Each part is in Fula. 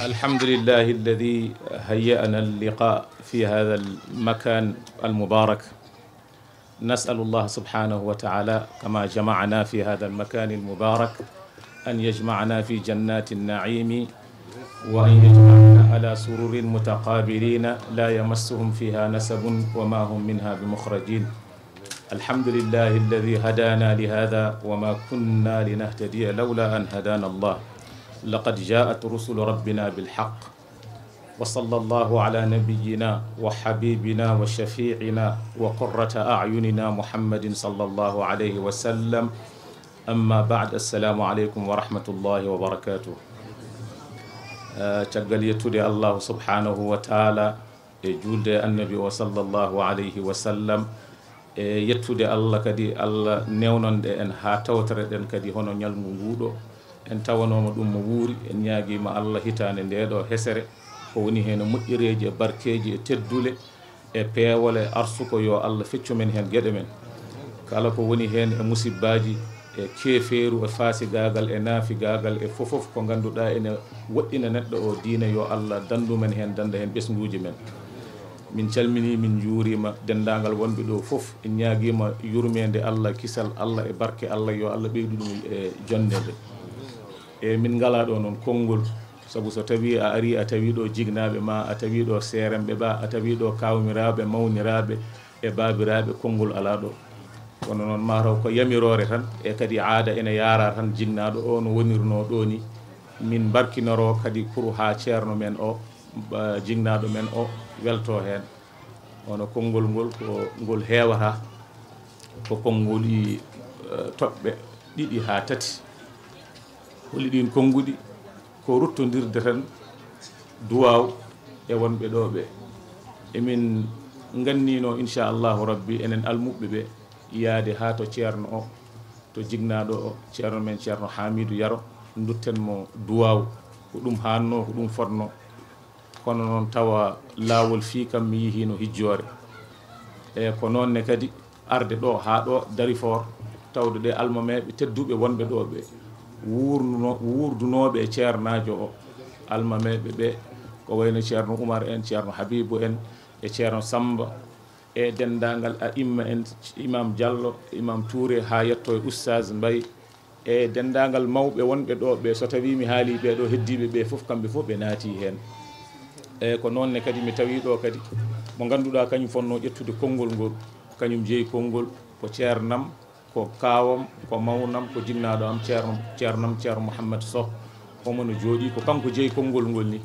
الحمد لله الذي هيأنا اللقاء في هذا المكان المبارك نسأل الله سبحانه وتعالى كما جمعنا في هذا المكان المبارك أن يجمعنا في جنات النعيم وأن يجمعنا على سرور متقابلين لا يمسهم فيها نسب وما هم منها بمخرجين الحمد لله الذي هدانا لهذا وما كنا لنهتدي لولا أن هدانا الله لقد جاءت رسل ربنا بالحق وصلى الله على نبينا وحبيبنا وشفيعنا وقرة أعيننا محمد صلى الله عليه وسلم أما بعد السلام عليكم ورحمة الله وبركاته آه، تقل يتولي الله سبحانه وتعالى إيه، جود النبي وصلى الله عليه وسلم إيه، يتولي الله كدي الله نيونا دي ان هاتو ترد ان كدي هنو en tawanoma ɗum mo wuuri en ñaaguima allah hitande ndeɗo hesere ko woni heno moƴƴereji e barkeji e teddule e peewol e arsu ko yo allah feccu men hen gueɗe men kala ko woni hen e musibbaji e keeferu e faasigagal e naafigagal e fofoof ko ganduɗa ene woɗɗina neɗɗo o diina yo allah dandumen hen danda hen ɓesguji men min calmini min juurima dendagal wonɓe ɗo foof en ñaaguima yurmede allah kisal allah e barke allah yo allah ɓeydu ɗum e jonde nde eyyi min ngala ɗo noon konngol saabu so tawi a ari a tawi ɗo jignaɓe ma a tawi ɗo seremɓe ɓa a tawi ɗo kawmiraɓe mawniraɓe e babiraɓe konngol ala ɗo kono noon mataw ko yamirore tan e kadi aada ene yara tan jinnaɗo o no wonirno ɗo ni min barkinoro kadi pour ha ceerno men o jignaɗo men o welto hen ono konngol ngol ko ngol hewata ko konngoli eh, toɓɓe ɗiɗi ha tati holi ɗin konnguɗi ko ruttodirde tan duwaw e wonɓe ɗo ɓe emin gannino inchallahu rabbi enen almuɓɓe ɓe yaade ha to ceerno o to jignaɗo o ceerno men ceerno hamidou yaro duttenmo duwaw ko ɗum hanno ko ɗum fotno kono noon tawa laawol fi kam mi yihino hijjore e ko noonne kadi arde ɗo ha ɗo darifort tawde ɗe almameɓe tedduɓe wonɓe ɗo ɓe wurdunoɓe e ceernajo o almameɓe ɓe ko wayno ceerno oumar en ceerno habibou en e ceerno samba e dendagal a imma en imam diallo imam touré ha yetto e oustas mbay e dendagal mawɓe wonɓe ɗo ɓe so tawi mi haali ɓeɗo heddiɓe ɓe foof kamɓe fof ɓe naati hen eyi ko nonne kadi mi tawi ɗo kadi mo ganduɗa kañum fonno ƴettude konngol ngol kañum jeeyi konngol ko ceernam ko kawam ko mawnam ko jinnaɗo am ceernam ceerno mouhammad sow omono jooɗi ko kanko jeeyi konngol ngol ni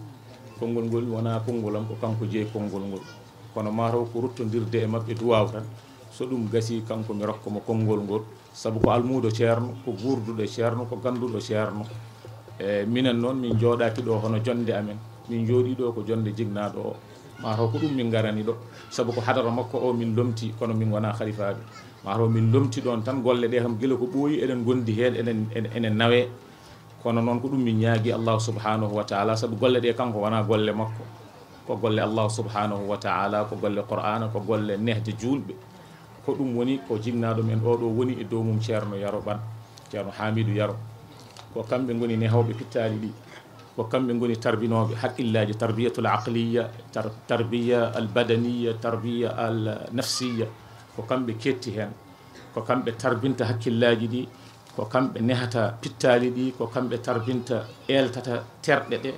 konngol ngol wona konngolam ko kanko jeeyi konngol ngol kono mataw ko ruttodirde e mabɓe duwaw tan so ɗum gasi kanko mi rokkamo konngol ngol saabu ko almudo ceerno ko guurduɗo ceerno ko ganduɗo ceerno e minen noon min jooɗaki ɗo hono jonde amen min jooɗi ɗo ko jonde jignaɗo o mataw ko ɗum min garani ɗo saabu ko hadara makko o min lomti kono min wona halifaɓe mataw min lomti ɗon tan golle ɗe kam gila ko ɓooyi eɗen gondi heen eɗen enen nawe kono noon ko ɗum min ñaagui allahu subhanahu wa taala saabu golle ɗe kanko wona golle makko ko golle allahu subhanahu wa taala ko golle qur'ana ko golle nehde julɓe ko ɗum woni ko jinnaɗo men oɗo woni e dow mum ceerno yaro ɓan ceerno hamidou yaro ko kamɓe goni nehewɓe pittali ɗi ko kamɓe goni tarbinoɓe haqqillaji tarbiyatul aqliya tarbiya al badaniya tarbiya al nafsiya ko kamɓe ketti hen ko kamɓe tarbinta hakkillaji ɗi ko kamɓe nehata pittali ɗi ko kamɓe tarbinta eltata terɗe ɗe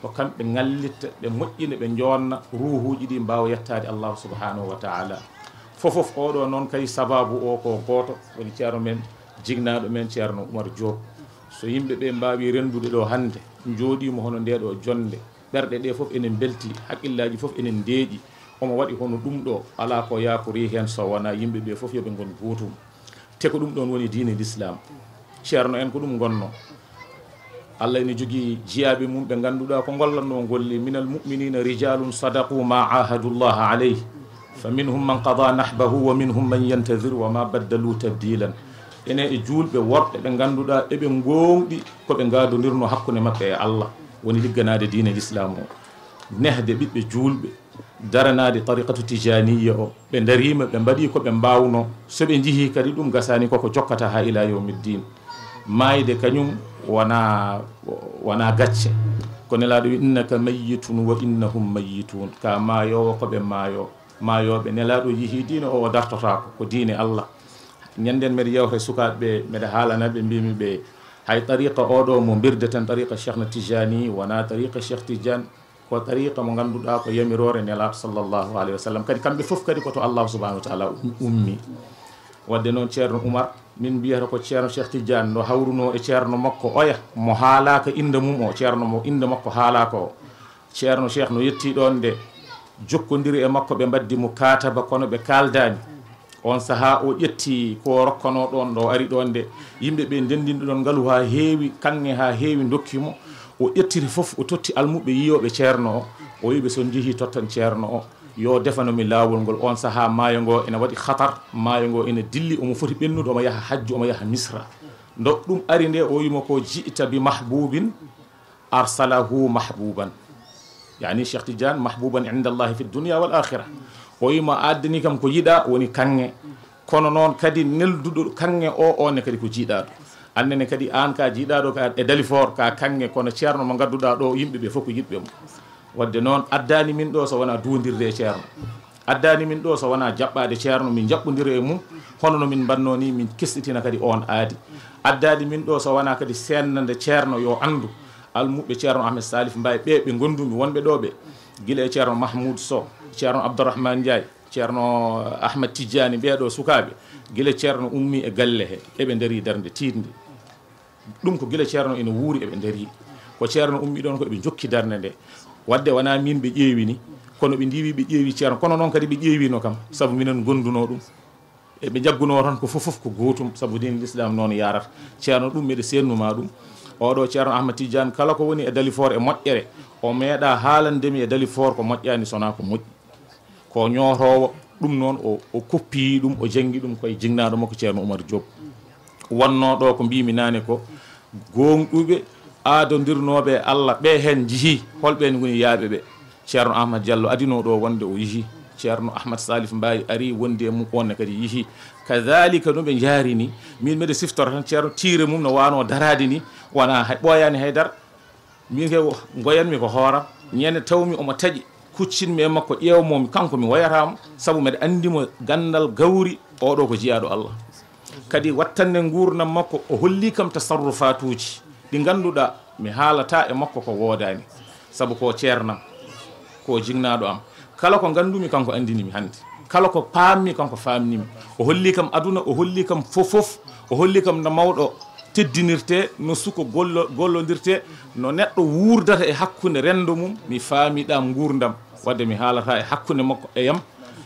ko kamɓe gallitta ɓe moƴƴina ɓe jonna ruhuji ɗi mbawa yettade allahu subhanahu wa taala fofoof oɗo noon kadi sababu o ko goto woni ceerno men jignaɗo men ceerno oumar diop so yimɓeɓe mbawi rendude ɗo hande joɗima hono ndeɗo jonde ɓerɗe ɗe foof enen belti haqqillaji foof enen deeƴi omo waɗi hono ɗum ɗo ala ko yakori hen so wona yimɓe ɓe foof yooɓe gon gotum te ko ɗum ɗon woni dine l' islam ceerno en ko ɗum gonno allah ene jogii jiyaaɓe mum ɓe ngannduɗaa ko ngollatno ngolli min al muminina rijalum sadaqu ma ahadullah alayh fa minhum man qada nahbahu wa minhum man yantadir wa ma baddalu tabdilan ene e juulɓe worɓe ɓe ngannduɗaa eɓe ngoonɗi ko ɓe ngaadondirno hakkunde maɓɓe e allah woni ligganade dine l' islam o nehde ɓiɓɓe juulɓe daranade tariqatu tijaniya o ɓe darima ɓe mbaɗi ko ɓe mbawno so ɓe jeehi kadi ɗum gasani koko jokkata ha ila yawmiddin mayde kañum wona wona gacce ko nelaɗo wi innaka mayitun wa innahum mayitun ka maayowo koɓe maayo maayoɓe nelaɗo yihi diine o o dartotako ko diine allah ñanden mbeɗa yewta sukaɓeɓe haalana ɓe mbimi ɓe hay tariqa oɗo mo birde tan tariqa cheikh na tijani wona tariqa cheikh tidiane ko tariqa mo ganduɗa ko yamirore nelato sallllahu alayhi wa sallam kadi kamɓe foof kadi koto allahu subahanau wa taala um-, ummi wadde noon ceerno oumar min mbiyata ko ceerno cheikh tidiane no hawruno e ceerno makko oya mo haalaka inde mum o ceerno mo inde makko haalaka o ceerno cheikh no yetti ɗon nde jokkodiri e makko ɓe mbaddi mo kataba kono ɓe kaldani on saaha o ƴetti ko rokkano ɗon ɗo ari ɗon nde yimɓeɓe ndendinɗo ɗon ngaalu ha heewi kange ha heewi dokkimo o ƴettiri fof o totti almuɓe yiyoɓe ceerno o o wiɓe son jeehi tottan ceerno o yo defanomi laawol ngol on sahaa maayo ngo ene waɗi hatar maayo ngo ene dilli omo foti ɓennude omo yaha hajju omo yaha misra ndo ɗum ari nde o wimo ko jiita bi mahbubin arsalahu mahbuban yani cheikh tidiane mahbuban inde allahi fi dunia wal akhira o wima addani kam ko yiɗa woni kanŋe kono noon kadi nelduɗo kanŋe o onne kadi ko jiiɗa ɗum annene kadi an ka jiiɗaɗo ka e dalifor ka kange kono cierno mo gadduɗa do yimbe be ko yiɗɓe mo wadde non addani min do so wana duwodirde cierno addani min do so wana jabbaade cierno min jabbundire e mum hono no min mbanno ni min kistitina kadi on aadi addadi min do so wana kadi sennande cierno yo andu almuɓe cierno ahmed salif mbawi be be gondumi wonɓe ɗo ɓe guila e ceerno mahmoud so cierno abdourahmane jay cierno ahmed tidiani do sukabe gile cierno ummi e galle he eɓe deri darnde tiɗde ɗum ko gila ceerno ene wuuri eɓe nder yi ko ceerno ummi ɗon ko eɓe jokki darde nde wadde wona min ɓe ƴeewi ni kono ɓe ndiwi ɓe ƴeewi ceerno kono noon kadi ɓe ƴeewino kam saabu minen gonduno ɗum eɓe jagguno tan ko fof fof ko gootum saabu din l'islam noon yarata ceerno ɗum eɗe sennuma ɗum oɗo ceerno ahmad tidiane kala ko woni e dali for e moƴƴere o meeɗa haalandemi e dali for ko moƴƴani sona ko moƴƴi ko ñootowo ɗum noon o koppiyi ɗum o jangi ɗum koye jinnaɗo makko ceerno oumar diob wonno ɗo ko mbimi nane ko mm -hmm. gonɗuɓe aadodirnoɓe allah ɓe hen jeehi holɓeni goni yaaɓe ɓe ceerno ahmad diallo adinoɗo wonde o yeehi ceerno ahmad salif mbawi ari wondi e mum onne kadi yeehi kadalika ɗum ɓe jaari ni min mbiɗe siftora tan ceerno tiire mum no wano daradi ni wona ɓoyani haydara min ke goyanmi ko hooram ñande tawmi omo taaƴi kuccinmi e makko ƴewmomi kanko mi wayatamo saabu mbeɗa andimo gandal gawri oɗo ko jiyaɗo allah kadi wattande gurnam makko o holli kam tasarrufatuji ɗi ganduɗa mi haalata e makko ko woodani saabu ko ceernam ko jinnaɗo am kala ko gandumi kanko andinimi hande kala ko paammi kanko famnimi o holli kam aduna o holli kam fofoof o holli kam no mawɗo teddinirte no suko gollo gollodirte no neɗɗo wurdata e hakkude rendo mum mi faamiɗam gurdam wadde mi haalata e hakkude makko e yam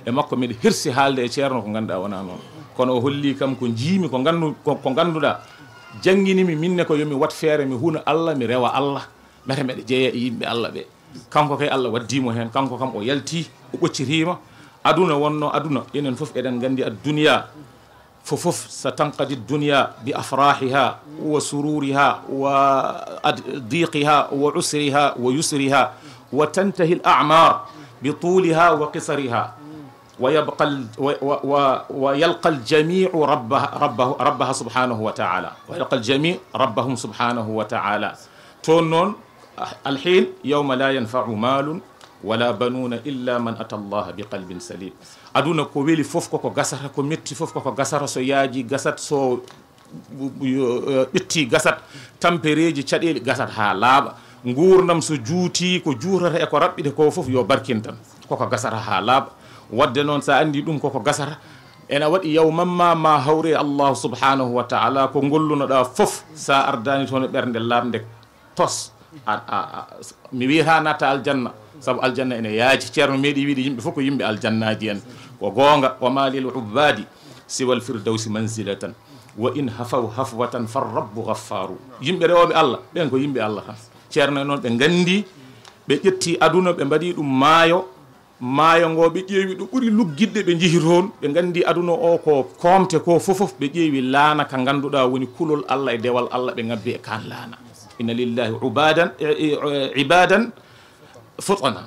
e makko mbiɗa hirsi haalde e ceerno ko ganduɗa wona noon kono o holli kam ko jiimi ko gandu ko ganduɗa jangginimi minne ko yomi wat fere mi huna allah mi rewa allah mete mede jeeya yimbe yimɓe allah ɓe kanko kay allah waddimo hen kanko kam o yalti o ɓoccitima aduna wonno aduna enen fof eden gandi ad dunya dunya bi a duniya ففف ستنقضي الدنيا بأفراحها wa وضيقها wa ويسرها وتنتهي الأعمار بطولها وقصرها ويبقى ويلقى الجميع ربه ربه ربها سبحانه وتعالى ويلقى الجميع ربهم سبحانه وتعالى تونون الحين يوم لا ينفع مال ولا بنون إلا من أتى الله بقلب سليم أدونا كويلي فوفكو كو غسر كو ميتي فوفكو كو غسر سو ياجي غاسات سو بيتي غاسات tampereji تشاديل غاسات ها لابا gurnam سو جوتي كو juurata اكو ko كو فوف يو yo كو كو koko ها لابا wadde noon sa andi ɗum koko gasata ene waɗi yaw mamma ma hawre allahu subhanahu wa taala ko gollunoɗa foof sa ardani toon e ɓernde lamde tos mi wiyata natta aljanna saabu aljanna ene yaaji ceerno meeɗi wiide yimɓe fof ko yimɓe aljannaji en ko goonga wa malil ubbadi siwal firdawsi mansilatan wa in hafaw hafwatan fa rabbu gaffaru yimɓe rewoɓe allah ɓen ko yimɓe allah tan ceerno e noon ɓe gandi ɓe ƴetti aduna ɓe mbaɗi ɗum maayo maayo ngo ɓe ƴeewi ɗo ɓuri luggidɗe ɓe njehi toon ɓe nganndi aduna o ko koomte ko fofof ɓe ƴeewi laana ka ngannduɗaa woni kulol allah e dewal allah ɓe ngabbi e kan laana inna lillahi ubadan ibadan futana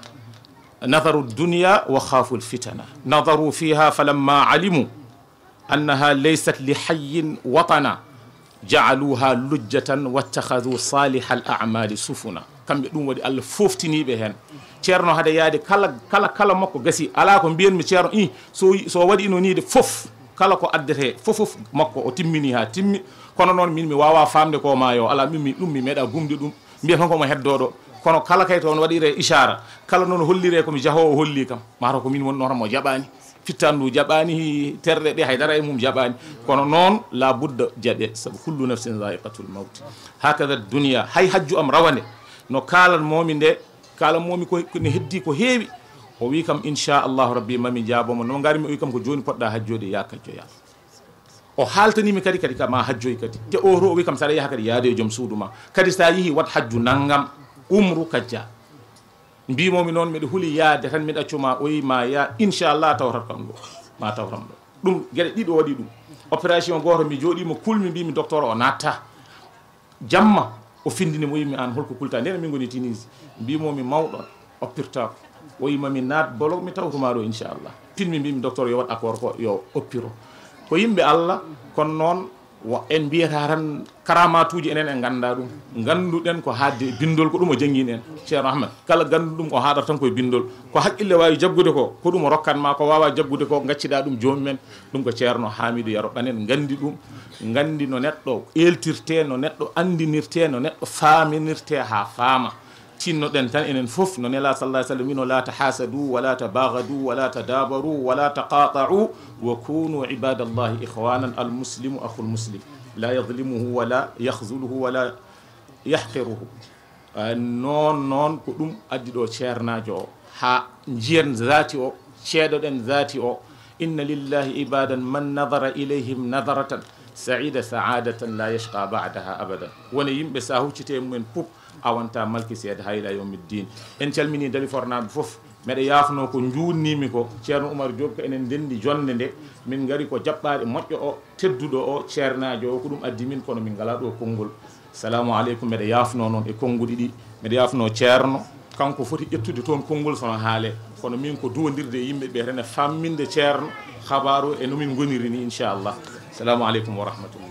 nadaru dunia wa khafu lfitana nadaru fiha falamma alimu annaha laysat li hayyin watana jaaluha lujjatan wattakhadu saliha al amali sufuna kamɓe ɗum waɗi allah foftiniɓe hen ceerno haade yaade kala kala kala makko gasi ala ko mbiyanmi ceerno i so so waɗi no nide foof kala ko addete fofof makko o timmini ha timmi kono noon min mi wawa famde ko ma yo ala mimi ɗum mi meeɗa gumde ɗum mbiya tan komo heddo ɗo kono kala kay toon waɗire ichara kala noon hollire komi jahowo holli kam mata ko min wonno tanmo jaɓani fittandu jaɓani terɗe ɗe haydara e mum jaɓani kono noon la budda jaaɓe saabu kullu nafsin zaiqatul mawte hakada dunia hay hajju am rawande no kaalan momi nde kaalan momi kone heddi ko heewi o wi kam inchallah rabbi mami jaaboma no gari mi wi kam ko joni poɗɗa hajjoyde ya kajjoya o haltanimi kadi kadi ka ma hajjoy kadi te o to o wi kam saɗa yaha kadi yaade e joom suuduma kadi sa yeehi wat hajju naggam umru kajja mbimomi noon mbiɗa huuli yaade tan mbiɗa accuma oyi ma ya inchallah tawrat kam ɗo ma tawram ɗo ɗum gueɗe ɗiɗo waɗi ɗum opération goto mi jooɗimo kulmi mbimi docteur o natta jamma o findini mo yimmi an holko kulta ndene min goni tunisi mbimomi mawɗon oppirtako o yimami naat bolo mi tawtumaɗo inchallah pinmi mbimi docteur yo waɗ accord ko yo oppiro ko yimɓe allah kono noon en mbiyata tan karamatuji enen en ganda ɗum ganduɗen ko haadde e bindol ko ɗum o jangguin en ceerno ahmad kala gandu ɗum o haɗata tan koye bindol ko haqqille wawi jaggude ko ko ɗum o rokkanma ko wawa jaggude ko gaccida ɗum jomumen ɗum ko ceerno hamidou yaro ɗanen gandi ɗum gandi no neɗɗo eltirte no neɗɗo andinirte no neɗɗo faminirte ha faama tinno den tan enen fof no nela sallah sallam wino la tahasadu wala tabagadu wala tadabaru wala taqata'u wa kunu ibadallahi ihwanan almuslimu akhul muslim la yadlimuhu wala yahzuluhu wala yahqiruhu noon noon ko ɗum addi ɗo ceernajo ha jiyen zati o ceeɗoɗen zati o inna lillahi ibadan man nadara ilayhim nadaratan saida saadatan la yashqa badaha abadan woni yimɓe sa huccite awanta malkiseede hayla yawmi din en calmini dalifornaaɓe fof mbeɗa yafno ko juutnimi ko ceerno oumar job ko enen ndenndi jonde nde min gari ko jaɓɓaaɗe moƴƴo o tedduɗo o ceernaajo o ko ɗum addi min kono min ngalaa ɗo konngol salamu aleykum mbeɗa yafno noon e konnguɗi ɗi mbeɗa yafno ceerno kanko foti ƴettude toon konngol sono haale kono min ko duwondirde e yimɓe ɓe tan e famminde ceerno habaru e nomin goniri inchallah salamu aleykum wa rahmatullah